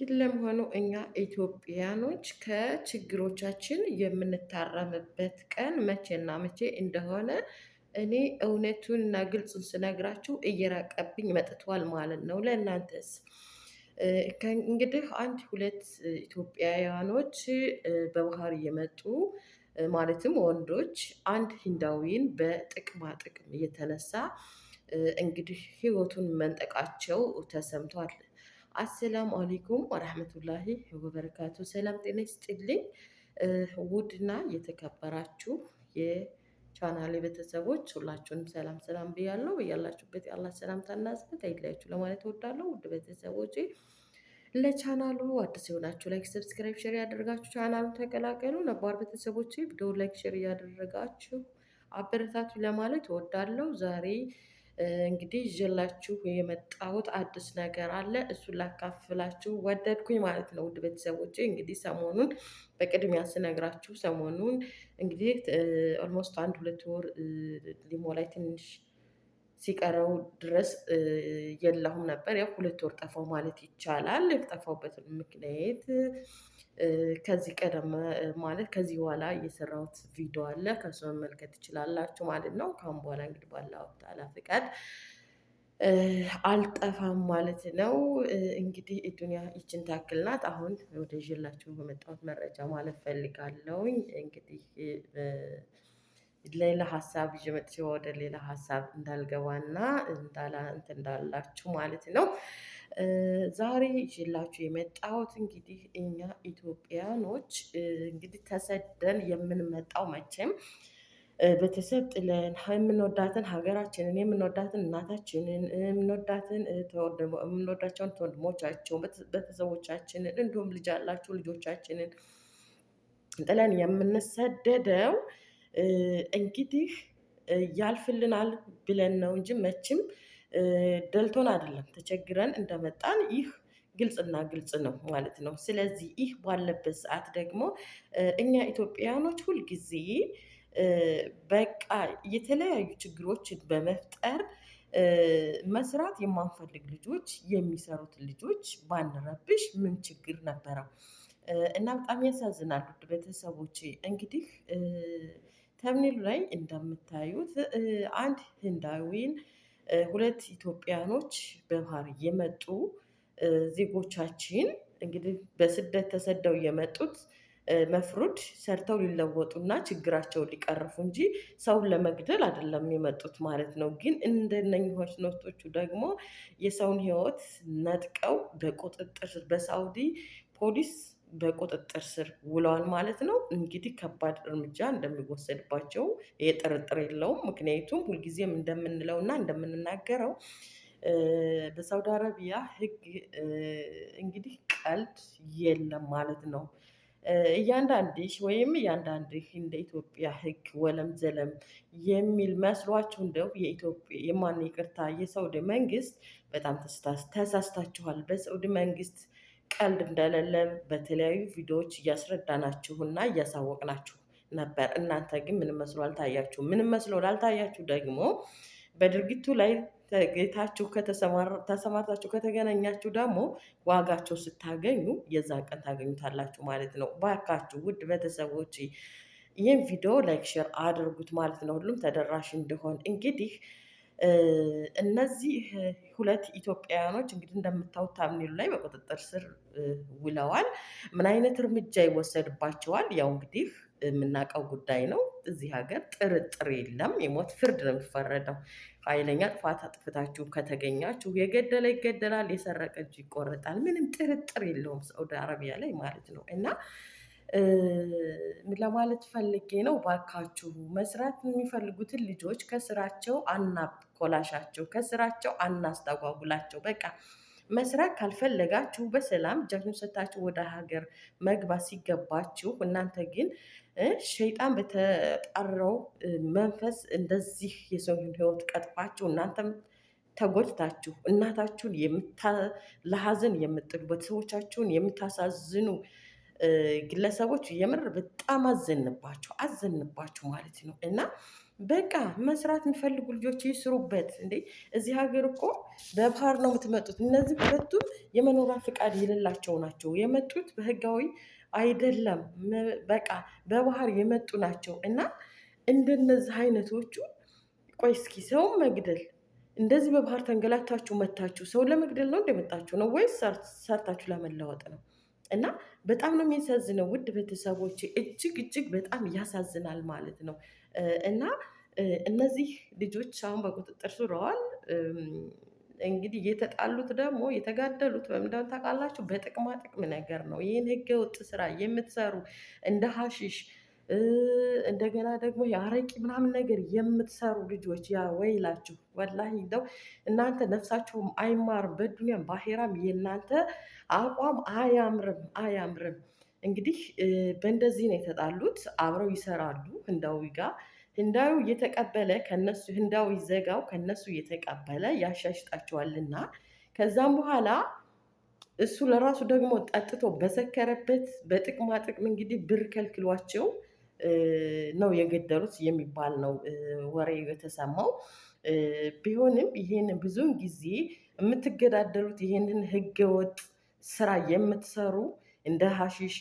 ግን ለመሆኑ እኛ ኢትዮጵያኖች ከችግሮቻችን የምንታረምበት ቀን መቼና መቼ እንደሆነ እኔ እውነቱንና ግልጹን ስነግራችሁ እየራቀብኝ መጥቷል ማለት ነው። ለእናንተስ? እንግዲህ አንድ ሁለት ኢትዮጵያውያኖች በባህር እየመጡ ማለትም ወንዶች አንድ ሂንዳዊን በጥቅማ ጥቅም እየተነሳ እንግዲህ ህይወቱን መንጠቃቸው ተሰምቷል። አሰላሙ አሌይኩም ወረህመቱላሂ ወበረካቱ። ሰላም ጤና ይስጥልኝ። ውድና የተከበራችሁ የቻናል ቤተሰቦች ሁላችሁንም ሰላም ሰላም ብያለሁ። እያላችሁበት የአላህ ሰላምታና እዝነት አይለያችሁ ለማለት እወዳለሁ። ውድ ቤተሰቦች ለቻናሉ አዲስ የሆናችሁ ላይክ፣ ሰብስክራይብ፣ ሼር ያደርጋችሁ ቻናሉ ተቀላቀሉ። ነባር ቤተሰቦች ቪዲዮ ላይክ፣ ሼር እያደረጋችሁ አበረታቱ ለማለት እወዳለሁ ዛሬ እንግዲህ ይዤላችሁ የመጣሁት አዲስ ነገር አለ። እሱን ላካፍላችሁ ወደድኩኝ ማለት ነው። ውድ ቤተሰቦች እንግዲህ ሰሞኑን በቅድሚያ ስነግራችሁ ሰሞኑን እንግዲህ ኦልሞስት አንድ ሁለት ወር ሊሞላይ ትንሽ ሲቀረው ድረስ የለሁም ነበር። ያው ሁለት ወር ጠፋው ማለት ይቻላል። የጠፋውበት ምክንያት ከዚህ ቀደም ማለት ከዚህ በኋላ እየሰራሁት ቪዲዮ አለ፣ ከሱ መመልከት ትችላላችሁ ማለት ነው። ካሁን በኋላ እንግዲህ ባላ ተዓላ ፍቃድ አልጠፋም ማለት ነው። እንግዲህ ዱኒያ ይችን ታክል ናት። አሁን ወደ ዥላችሁ በመጣሁት መረጃ ማለት ፈልጋለሁኝ እንግዲህ ሌላ ሀሳብ ይዤ መጥቼ ወደ ሌላ ሀሳብ እንዳልገባና እንዳላ እንትን እንዳላችሁ ማለት ነው። ዛሬ ይዤላችሁ የመጣሁት እንግዲህ እኛ ኢትዮጵያኖች እንግዲህ ተሰደን የምንመጣው መቼም ቤተሰብ ጥለን የምንወዳትን ሀገራችንን የምንወዳትን እናታችንን የምንወዳትን የምንወዳቸውን ወንድሞቻቸውን ቤተሰቦቻችንን እንዲሁም ልጅ ያላችሁ ልጆቻችንን ጥለን የምንሰደደው እንግዲህ ያልፍልናል ብለን ነው እንጂ መቼም ደልቶን አይደለም ተቸግረን እንደመጣን ይህ ግልጽና ግልጽ ነው ማለት ነው። ስለዚህ ይህ ባለበት ሰዓት ደግሞ እኛ ኢትዮጵያውያኖች ሁልጊዜ በቃ የተለያዩ ችግሮችን በመፍጠር መስራት የማንፈልግ ልጆች የሚሰሩት ልጆች ባንረብሽ ምን ችግር ነበረው? እና በጣም ያሳዝናል። ቤተሰቦች እንግዲህ ተምኒሉ ላይ እንደምታዩት አንድ ህንዳዊን፣ ሁለት ኢትዮጵያኖች በባህር የመጡ ዜጎቻችን እንግዲህ በስደት ተሰደው የመጡት መፍሩድ ሰርተው ሊለወጡና ችግራቸውን ሊቀርፉ እንጂ ሰውን ለመግደል አይደለም የመጡት ማለት ነው። ግን እንደነኝሆች ነቶቹ ደግሞ የሰውን ህይወት ነጥቀው በቁጥጥር በሳውዲ ፖሊስ በቁጥጥር ስር ውለዋል ማለት ነው። እንግዲህ ከባድ እርምጃ እንደሚወሰድባቸው የጥርጥር የለውም። ምክንያቱም ሁልጊዜም እንደምንለው እና እንደምንናገረው በሳውዲ አረቢያ ሕግ እንግዲህ ቀልድ የለም ማለት ነው። እያንዳንድሽ ወይም እያንዳንድህ እንደ ኢትዮጵያ ሕግ ወለም ዘለም የሚል መስሏችሁ እንደው የኢትዮጵያ የማን ይቅርታ የሳውዲ መንግስት በጣም ተሳስታችኋል። በሳውዲ መንግስት ቀልድ እንደሌለ በተለያዩ ቪዲዮዎች እያስረዳናችሁና እያሳወቅናችሁ ነበር። እናንተ ግን ምን መስሎ አልታያችሁ። ምን መስሎ ላልታያችሁ ደግሞ በድርጊቱ ላይ ተጌታችሁ ተሰማርታችሁ ከተገናኛችሁ ደግሞ ዋጋቸው ስታገኙ የዛን ቀን ታገኙታላችሁ ማለት ነው። ባካችሁ ውድ ቤተሰቦች ይህን ቪዲዮ ላይክ፣ ሼር አድርጉት ማለት ነው፣ ሁሉም ተደራሽ እንዲሆን እንግዲህ እነዚህ ሁለት ኢትዮጵያውያኖች እንግዲህ እንደምታዩት ታምኔሉ ላይ በቁጥጥር ስር ውለዋል። ምን አይነት እርምጃ ይወሰድባቸዋል? ያው እንግዲህ የምናውቀው ጉዳይ ነው። እዚህ ሀገር ጥርጥር የለም፣ የሞት ፍርድ ነው የሚፈረደው። ኃይለኛ ጥፋት አጥፍታችሁ ከተገኛችሁ የገደለ ይገደላል፣ የሰረቀ እጁ ይቆረጣል። ምንም ጥርጥር የለውም፣ ሳውዲ አረቢያ ላይ ማለት ነው እና ለማለት ፈልጌ ነው። ባካችሁ መስራት የሚፈልጉትን ልጆች ከስራቸው አናኮላሻቸው፣ ከስራቸው አናስተጓጉላቸው። በቃ መስራት ካልፈለጋችሁ በሰላም እጃችሁን ሰታችሁ ወደ ሀገር መግባት ሲገባችሁ፣ እናንተ ግን ሸይጣን በተጠራው መንፈስ እንደዚህ የሰውን ህይወት ቀጥፋችሁ እናንተም ተጎድታችሁ እናታችሁን ለሀዘን የምጥሉ ቤተሰቦቻችሁን የምታሳዝኑ ግለሰቦች የምር በጣም አዘንባቸው አዘንባቸው ማለት ነው። እና በቃ መስራት የሚፈልጉ ልጆች ይስሩበት እንዴ! እዚህ ሀገር እኮ በባህር ነው የምትመጡት። እነዚህ ሁለቱም የመኖሪያ ፍቃድ የሌላቸው ናቸው የመጡት በህጋዊ አይደለም፣ በቃ በባህር የመጡ ናቸው። እና እንደነዚህ አይነቶቹ ቆይ እስኪ ሰው መግደል እንደዚህ በባህር ተንገላታችሁ መታችሁ ሰው ለመግደል ነው እንደመጣችሁ ነው ወይስ ሰርታችሁ ለመለወጥ ነው? እና በጣም ነው የሚያሳዝነው ውድ ቤተሰቦች እጅግ እጅግ በጣም ያሳዝናል ማለት ነው። እና እነዚህ ልጆች አሁን በቁጥጥር ስር ውለዋል። እንግዲህ የተጣሉት ደግሞ የተጋደሉት በምን እንደሆነ ታውቃላችሁ? በጥቅማ ጥቅም ነገር ነው። ይህን ወጥ ስራ የምትሰሩ እንደ ሀሺሽ እንደገና ደግሞ የአረቂ ምናምን ነገር የምትሰሩ ልጆች ያ ወይላችሁ ወላሂ እንደው እናንተ ነፍሳችሁም አይማርም፣ በዱኒያም ባሄራም የእናንተ አቋም አያምርም አያምርም። እንግዲህ በእንደዚህ ነው የተጣሉት። አብረው ይሰራሉ ህንዳዊ ጋር ህንዳዊ እየተቀበለ ከነሱ ህንዳዊ ዘጋው ከነሱ እየተቀበለ ያሻሽጣቸዋልና ከዛም በኋላ እሱ ለራሱ ደግሞ ጠጥቶ በሰከረበት በጥቅማጥቅም እንግዲህ ብር ከልክሏቸው ነው የገደሉት የሚባል ነው ወሬ የተሰማው። ቢሆንም ይሄን ብዙውን ጊዜ የምትገዳደሉት ይሄንን ህገወጥ ስራ የምትሰሩ እንደ ሀሺሽ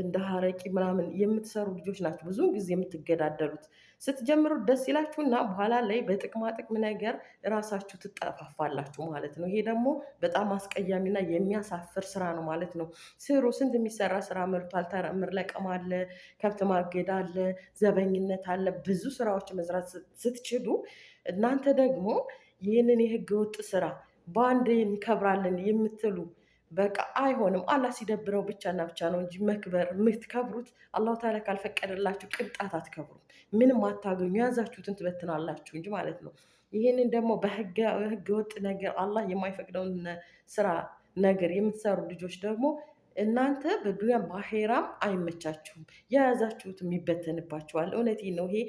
እንደ ሀረቂ ምናምን የምትሰሩ ልጆች ናቸው ብዙውን ጊዜ የምትገዳደሉት። ስትጀምሩ ደስ ይላችሁና በኋላ ላይ በጥቅማጥቅም ነገር ራሳችሁ ትጠፋፋላችሁ ማለት ነው። ይሄ ደግሞ በጣም አስቀያሚና የሚያሳፍር ስራ ነው ማለት ነው። ስሩ። ስንት የሚሰራ ስራ መርቷል። ተረምር ለቀም አለ፣ ከብት ማገድ አለ፣ ዘበኝነት አለ። ብዙ ስራዎች መስራት ስትችሉ እናንተ ደግሞ ይህንን የህገ ወጥ ስራ በአንድ እንከብራለን የምትሉ በቃ አይሆንም። አላህ ሲደብረው ብቻና ብቻ ነው እንጂ መክበር የምትከብሩት አላሁ ታላ ካልፈቀደላችሁ ቅንጣት አትከብሩም። ምንም አታገኙ፣ የያዛችሁትን ትበትናላችሁ እንጂ ማለት ነው። ይህንን ደግሞ በህገ ወጥ ነገር አላህ የማይፈቅደውን ስራ ነገር የምትሰሩ ልጆች ደግሞ እናንተ በዱንያም በአሄራም አይመቻችሁም፣ የያዛችሁትም ይበተንባችኋል። እውነት ነው። ይሄ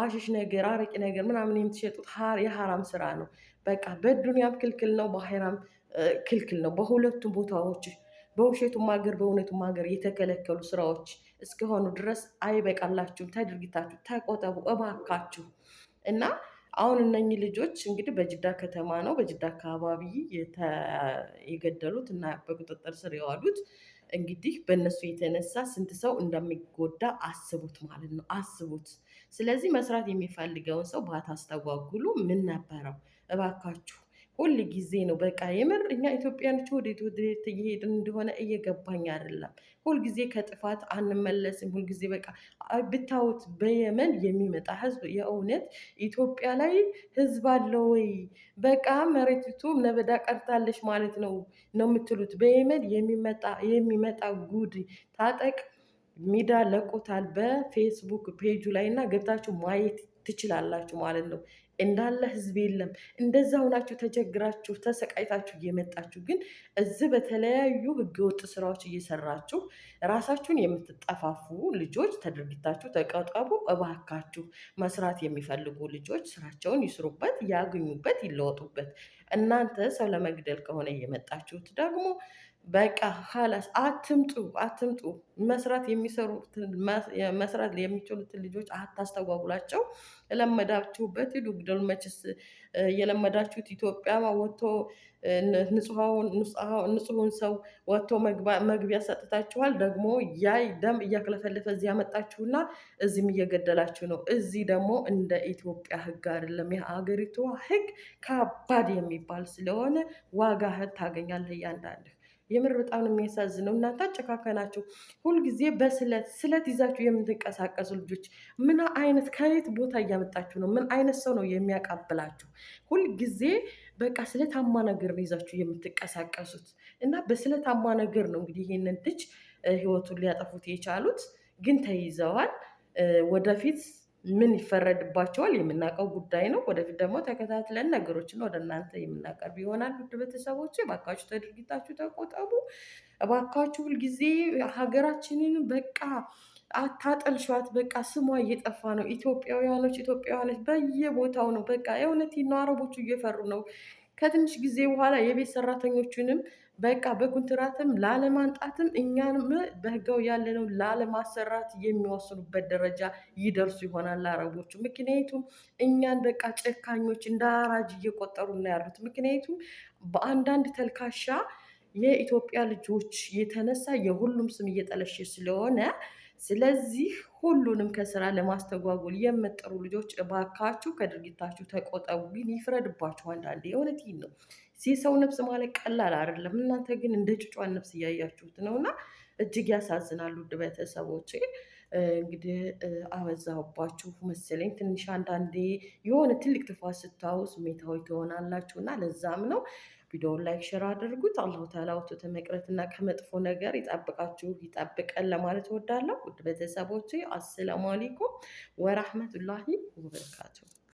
ሀሽሽ ነገር አረቂ ነገር ምናምን የምትሸጡት የሀራም ስራ ነው። በቃ በዱንያም ክልክል ነው በአሄራም ክልክል ነው። በሁለቱም ቦታዎች በውሸቱም ሀገር በእውነቱም ሀገር የተከለከሉ ስራዎች እስከሆኑ ድረስ አይበቃላችሁም። ተድርጊታችሁ ተቆጠቡ እባካችሁ እና አሁን እነኚህ ልጆች እንግዲህ በጅዳ ከተማ ነው በጅዳ አካባቢ የገደሉት እና በቁጥጥር ስር የዋሉት እንግዲህ በእነሱ የተነሳ ስንት ሰው እንደሚጎዳ አስቡት ማለት ነው። አስቡት። ስለዚህ መስራት የሚፈልገውን ሰው ባታስተጓጉሉ ምን ነበረው እባካችሁ። ሁል ጊዜ ነው። በቃ የምር እኛ ኢትዮጵያኖች ወዴት ወዴት እየሄድን እንደሆነ እየገባኝ አይደለም። ሁልጊዜ ከጥፋት አንመለስም። ሁልጊዜ በቃ ብታዩት በየመን የሚመጣ ህዝብ የእውነት ኢትዮጵያ ላይ ህዝብ አለ ወይ? በቃ መሬቲቱ ነበዳ ቀርታለች ማለት ነው ነው የምትሉት። በየመን የሚመጣ ጉድ ታጠቅ ሚዳ ለቆታል በፌስቡክ ፔጁ ላይ እና ገብታችሁ ማየት ትችላላችሁ ማለት ነው። እንዳለ ህዝብ የለም። እንደዛ ሁናችሁ ተቸግራችሁ ተሰቃይታችሁ እየመጣችሁ ግን እዚህ በተለያዩ ህገወጥ ስራዎች እየሰራችሁ ራሳችሁን የምትጠፋፉ ልጆች ተድርጊታችሁ ተቀጠቡ። እባካችሁ መስራት የሚፈልጉ ልጆች ስራቸውን ይስሩበት፣ ያገኙበት ይለወጡበት። እናንተ ሰው ለመግደል ከሆነ እየመጣችሁት ደግሞ በቃ ሀላስ አትምጡ አትምጡ። መስራት የሚሰሩ መስራት የሚችሉትን ልጆች አታስተጓጉላቸው። የለመዳችሁበት ሂዱ። ግደል መችስ የለመዳችሁት ኢትዮጵያ ወጥቶ ንጹሁን ሰው ወጥቶ መግቢያ ሰጥታችኋል። ደግሞ ያ ደም እያክለፈለፈ እዚህ ያመጣችሁና እዚህም እየገደላችሁ ነው። እዚህ ደግሞ እንደ ኢትዮጵያ ሕግ አይደለም። የሀገሪቱ ሕግ ከባድ የሚባል ስለሆነ ዋጋህን ታገኛለህ እያንዳንድህ የምር በጣም ነው የሚያሳዝነው። እናንተ አጨካከናችሁ። ሁልጊዜ በስለት ስለት ይዛችሁ የምትንቀሳቀሱ ልጆች ምን አይነት ከየት ቦታ እያመጣችሁ ነው? ምን አይነት ሰው ነው የሚያቃብላችሁ? ሁልጊዜ በቃ ስለታማ ነገር ነው ይዛችሁ የምትንቀሳቀሱት እና በስለታማ ነገር ነው እንግዲህ ይህንን ልጅ ህይወቱን ሊያጠፉት የቻሉት ግን ተይዘዋል ወደፊት ምን ይፈረድባቸዋል የምናውቀው ጉዳይ ነው። ወደፊት ደግሞ ተከታትለን ነገሮችን ወደ እናንተ የምናቀርብ ይሆናል። ውድ ቤተሰቦች እባካችሁ ተድርጊታችሁ ተቆጠቡ። እባካችሁ ሁልጊዜ ሀገራችንን በቃ አታጠልሿት። በቃ ስሟ እየጠፋ ነው። ኢትዮጵያውያኖች ኢትዮጵያውያኖች በየቦታው ነው። በቃ የእውነት ነው። አረቦቹ እየፈሩ ነው። ከትንሽ ጊዜ በኋላ የቤት ሰራተኞቹንም በቃ በኩንትራትም ላለማንጣትም እኛንም በህጋው ያለነው ላለማሰራት የሚወስኑበት ደረጃ ይደርሱ ይሆናል አረቦቹ። ምክንያቱም እኛን በቃ ጨካኞች እንደ አራጅ እየቆጠሩ እና ያሉት ምክንያቱም በአንዳንድ ተልካሻ የኢትዮጵያ ልጆች የተነሳ የሁሉም ስም እየጠለሸ ስለሆነ ስለዚህ ሁሉንም ከስራ ለማስተጓጎል የምትጥሩ ልጆች እባካችሁ ከድርጊታችሁ ተቆጠቡ። ግን ይፍረድባችሁ። አንዳንዴ የእውነቴን ነው። የሰው ነፍስ ማለት ቀላል አይደለም። እናንተ ግን እንደ ጭጫን ነፍስ እያያችሁት ነው እና እጅግ ያሳዝናሉ። ውድ ቤተሰቦቼ እንግዲህ አበዛሁባችሁ መሰለኝ። ትንሽ አንዳንዴ የሆነ ትልቅ ጥፋት ስታዩ ስሜታዊ ትሆናላችሁ እና ለዛም ነው ቪዲዮውን ላይክ፣ ሼር አድርጉት። አላሁ ተዓላ ወቶተ መቅረትና ከመጥፎ ነገር ይጠብቃችሁ ይጠብቀን ለማለት እወዳለሁ። ውድ ቤተሰቦቼ አሰላሙ አለይኩም ወራህመቱላሂ ወበረካቱሁ።